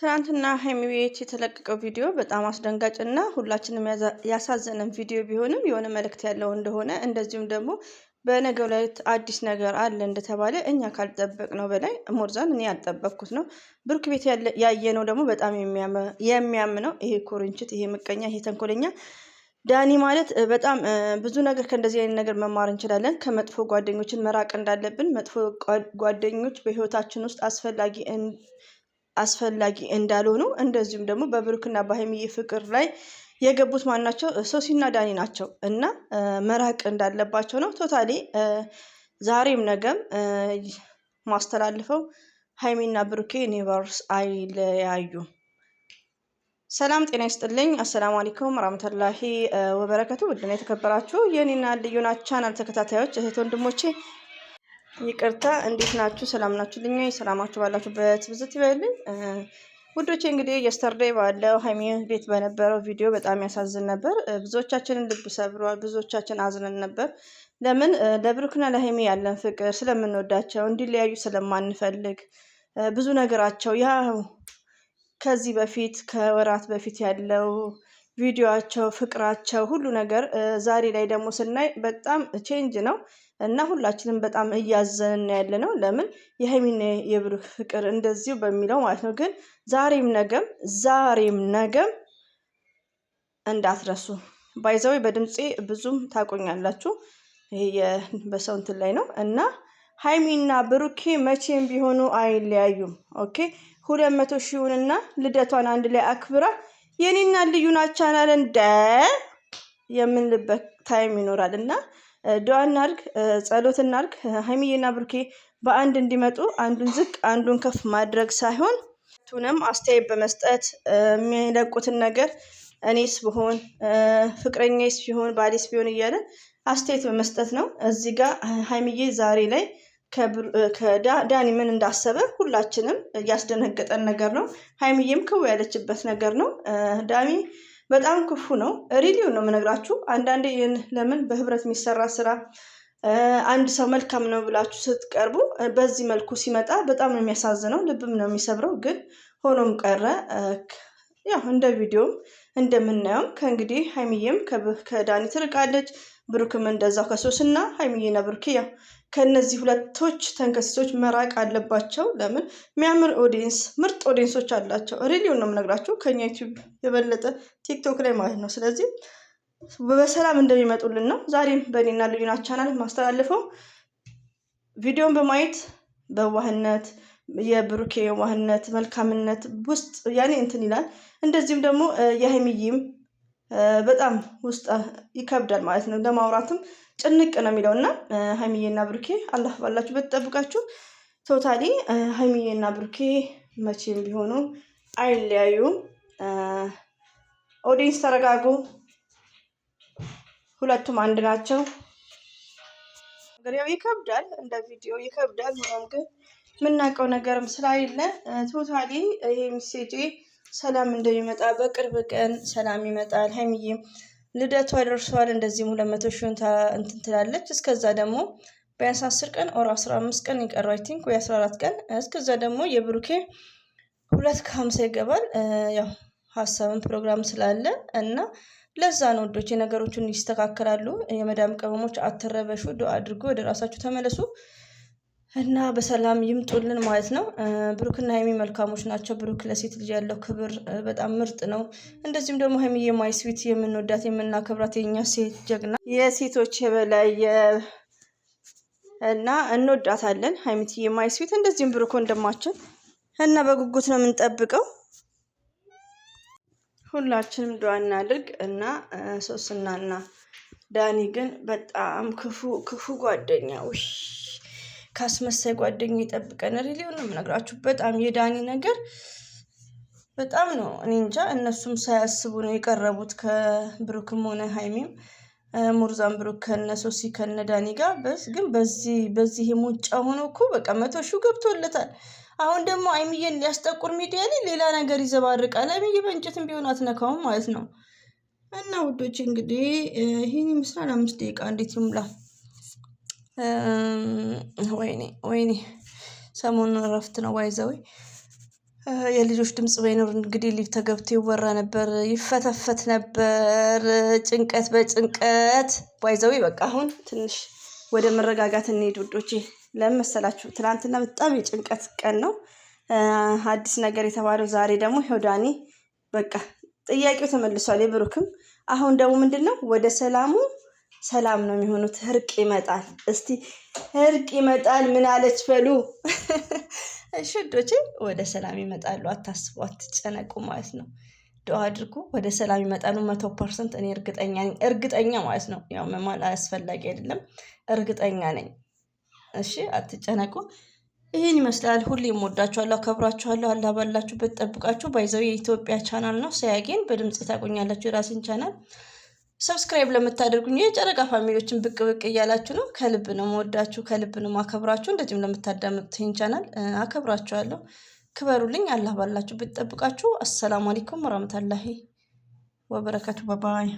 ትናንትና ሀይሚ ቤት የተለቀቀው ቪዲዮ በጣም አስደንጋጭ እና ሁላችንም ያሳዘነን ቪዲዮ ቢሆንም የሆነ መልእክት ያለው እንደሆነ እንደዚሁም ደግሞ በነገው ላይ አዲስ ነገር አለ እንደተባለ እኛ ነው በላይ ሞርዛን እኔ ያልጠበቅኩት ነው። ብሩክ ቤት ያየነው ደግሞ በጣም የሚያምነው ይሄ ኩርንችት፣ ይሄ ምቀኛ፣ ይሄ ተንኮለኛ ዳኒ ማለት በጣም ብዙ ነገር ከእንደዚህ አይነት ነገር መማር እንችላለን። ከመጥፎ ጓደኞችን መራቅ እንዳለብን መጥፎ ጓደኞች በህይወታችን ውስጥ አስፈላጊ አስፈላጊ እንዳልሆኑ እንደዚሁም ደግሞ በብሩክና በሀይሚዬ ፍቅር ላይ የገቡት ማን ናቸው? ሶሲና ዳኒ ናቸው እና መራቅ እንዳለባቸው ነው። ቶታሊ ዛሬም ነገም ማስተላልፈው ሀይሚና ብሩኬ ኔቨርስ አይለያዩም። ሰላም ጤና ይስጥልኝ። አሰላሙ አለይኩም ወራህመቱላሂ ወበረከቱ። ውድና የተከበራችሁ የኔና ልዩና ቻናል ተከታታዮች እህት ወንድሞቼ ይቅርታ እንዴት ናችሁ? ሰላም ናችሁልኝ? ሰላማችሁ ባላችሁበት ብዝት ይበልኝ። ውዶቼ እንግዲህ የስተርዴይ ባለው ሀይሚ ቤት በነበረው ቪዲዮ በጣም ያሳዝን ነበር። ብዙዎቻችንን ልብ ሰብሯል። ብዙዎቻችን አዝነን ነበር። ለምን ለብሩክና ለሀይሚ ያለን ፍቅር ስለምንወዳቸው፣ እንዲለያዩ ስለማንፈልግ ብዙ ነገራቸው ያ ከዚህ በፊት ከወራት በፊት ያለው ቪዲዮቸው፣ ፍቅራቸው፣ ሁሉ ነገር ዛሬ ላይ ደግሞ ስናይ በጣም ቼንጅ ነው። እና ሁላችንም በጣም እያዘን ያለ ነው። ለምን የሀይሚና የብሩክ ፍቅር እንደዚሁ በሚለው ማለት ነው። ግን ዛሬም ነገም ዛሬም ነገም እንዳትረሱ ባይዘዊ በድምፄ ብዙም ታቆኛላችሁ። በሰው እንትን ላይ ነው እና ሀይሚና ብሩኬ መቼም ቢሆኑ አይለያዩም። ኦኬ ሁለት መቶ ሺውንና ልደቷን አንድ ላይ አክብራ የኔና ልዩና ቻናል እንደ የምንልበት ታይም ይኖራል እና ዱዓ እናርግ፣ ጸሎት እናርግ። ሀይሚዬና ብሩኬ በአንድ እንዲመጡ አንዱን ዝቅ አንዱን ከፍ ማድረግ ሳይሆን ቱንም አስተያየት በመስጠት የሚለቁትን ነገር እኔስ ብሆን ፍቅረኛስ ቢሆን ባሌስ ቢሆን እያለ አስተያየት በመስጠት ነው። እዚህ ጋር ሀይሚዬ ዛሬ ላይ ከዳኒ ምን እንዳሰበ ሁላችንም እያስደነገጠን ነገር ነው። ሀይሚዬም ክው ያለችበት ነገር ነው። ዳኒ በጣም ክፉ ነው። ሪሊው ነው የምነግራችሁ። አንዳንዴ ይህን ለምን በህብረት የሚሰራ ስራ አንድ ሰው መልካም ነው ብላችሁ ስትቀርቡ በዚህ መልኩ ሲመጣ በጣም ነው የሚያሳዝነው፣ ልብም ነው የሚሰብረው። ግን ሆኖም ቀረ ያው እንደ ቪዲዮም እንደምናየውም ከእንግዲህ ሀይሚዬም ከዳኒ ትርቃለች፣ ብሩክም እንደዛው ከሶስና ሀይሚዬና ብሩክ ያው ከእነዚህ ሁለቶች ተንከሲሶች መራቅ አለባቸው። ለምን የሚያምር ኦዲንስ ምርጥ ኦዲንሶች አላቸው። ሬዲዮን ነው የምነግራቸው ከኛ ዩቲዩብ የበለጠ ቲክቶክ ላይ ማለት ነው። ስለዚህ በሰላም እንደሚመጡልን ነው ዛሬም በእኔና ልዩና ቻናል ማስተላልፈው ቪዲዮን በማየት በዋህነት የብሩኬ የዋህነት መልካምነት ውስጥ ያኔ እንትን ይላል። እንደዚሁም ደግሞ የሀይሚዬም በጣም ውስጥ ይከብዳል ማለት ነው። ለማውራትም ጭንቅ ነው የሚለው እና ሀይሚዬና ብሩኬ አላህ ባላችሁ ጠብቃችሁ። ቶታሊ ሀይሚዬና ብሩኬ መቼም ቢሆኑ አይለያዩም። ኦዲንስ ተረጋጉ፣ ሁለቱም አንድ ናቸው። እንግዲህ ይከብዳል፣ እንደ ቪዲዮ ይከብዳል። ሆኖም ግን የምናውቀው ነገርም ስለሌለ ቶታሊ ይሄ ሚሴጄ ሰላም እንደሚመጣ በቅርብ ቀን ሰላም ይመጣል። ሀይሚዬም ልደቷ ደርሷል። እንደዚህም ሁለት መቶ ሺውን እንትን ትላለች። እስከዛ ደግሞ ቢያንስ አስር ቀን ኦር አስራ አምስት ቀን ይቀሩ አይ ቲንክ ወይ አስራ አራት ቀን እስከዛ ደግሞ የብሩኬ ሁለት ከሀምሳ ይገባል። ያው ሀሳብን ፕሮግራም ስላለ እና ለዛ ነው ወዶች የነገሮቹን ይስተካከላሉ። የመዳም ቀበሞች አትረበሹ። ዱአ አድርጎ ወደ ራሳችሁ ተመለሱ። እና በሰላም ይምጡልን ማለት ነው። ብሩክና ሀይሚ መልካሞች ናቸው። ብሩክ ለሴት ልጅ ያለው ክብር በጣም ምርጥ ነው። እንደዚሁም ደግሞ ሀይሚ የማይ ስዊት የምንወዳት የምናከብራት የኛ ሴት ጀግና የሴቶች የበላይ እና እንወዳታለን ሀይሚትዬ የማይ ስዊት። እንደዚሁም ብሩክ ወንድማችን እና በጉጉት ነው የምንጠብቀው። ሁላችንም ድዋ እናድርግ እና ሶስናና ዳኒ ግን በጣም ክፉ ክፉ ጓደኛ ካስመሳይ ጓደኛ ይጠብቀን። ሪሊዮን ነው የምነግራችሁ። በጣም የዳኒ ነገር በጣም ነው። እኔ እንጃ እነሱም ሳያስቡ ነው የቀረቡት ከብሩክም ሆነ ሀይሚም ሙርዛን ብሩክ ከነ ሶሲ ከነ ዳኒ ጋር ግን በዚህ በዚህ የሞጫ ሆኖ እኮ በቃ መቶ ሺው ገብቶለታል። አሁን ደግሞ አይምዬን ሊያስጠቁር ሚዲያ ላይ ሌላ ነገር ይዘባርቃል። አይምዬ በእንጨትም ቢሆን አትነካውም ማለት ነው። እና ውዶች እንግዲህ ይህን ይመስላል። አምስት ደቂቃ እንዴት ይሙላል? ወይኔ ወይኔ ሰሞኑን እረፍት ነው ባይዘዌ የልጆች ድምጽ ባይኖር እንግዲህ ሊፍ ተገብቶ ይወራ ነበር ይፈተፈት ነበር ጭንቀት በጭንቀት ባይዘዌ በቃ አሁን ትንሽ ወደ መረጋጋት እንሄድ ውዶቼ ለምን መሰላችሁ ትናንትና በጣም የጭንቀት ቀን ነው አዲስ ነገር የተባለው ዛሬ ደግሞ ሄውዳኒ በቃ ጥያቄው ተመልሷል የብሩክም አሁን ደግሞ ምንድን ነው ወደ ሰላሙ ሰላም ነው የሚሆኑት። እርቅ ይመጣል። እስቲ እርቅ ይመጣል ምን አለች በሉ ሽዶች፣ ወደ ሰላም ይመጣሉ። አታስቡ፣ አትጨነቁ ማለት ነው። ዱዓ አድርጉ፣ ወደ ሰላም ይመጣሉ። መቶ ፐርሰንት እኔ እርግጠኛ ነኝ። እርግጠኛ ማለት ነው ያው መማል አስፈላጊ አይደለም። እርግጠኛ ነኝ። እሺ፣ አትጨነቁ። ይህን ይመስላል። ሁሌም ወዳችኋለሁ፣ አከብራችኋለሁ። አላ ባላችሁበት ጠብቃችሁ። ባይዘው የኢትዮጵያ ቻናል ነው። ሰያጌን በድምፅ ታቆኛላችሁ የራሴን ቻናል ሰብስክራይብ ለምታደርጉኝ የጨረቃ ፋሚሊዎችን ብቅ ብቅ እያላችሁ ነው። ከልብ ነው መወዳችሁ፣ ከልብ ነው ማከብራችሁ። እንደዚሁም ለምታዳምጡትኝ ቻናል አከብራችኋለሁ። ክበሩልኝ። አላህ ባላችሁ ብትጠብቃችሁ። አሰላሙ አለይኩም ወራህመቱላሂ ወበረከቱ። ባባይ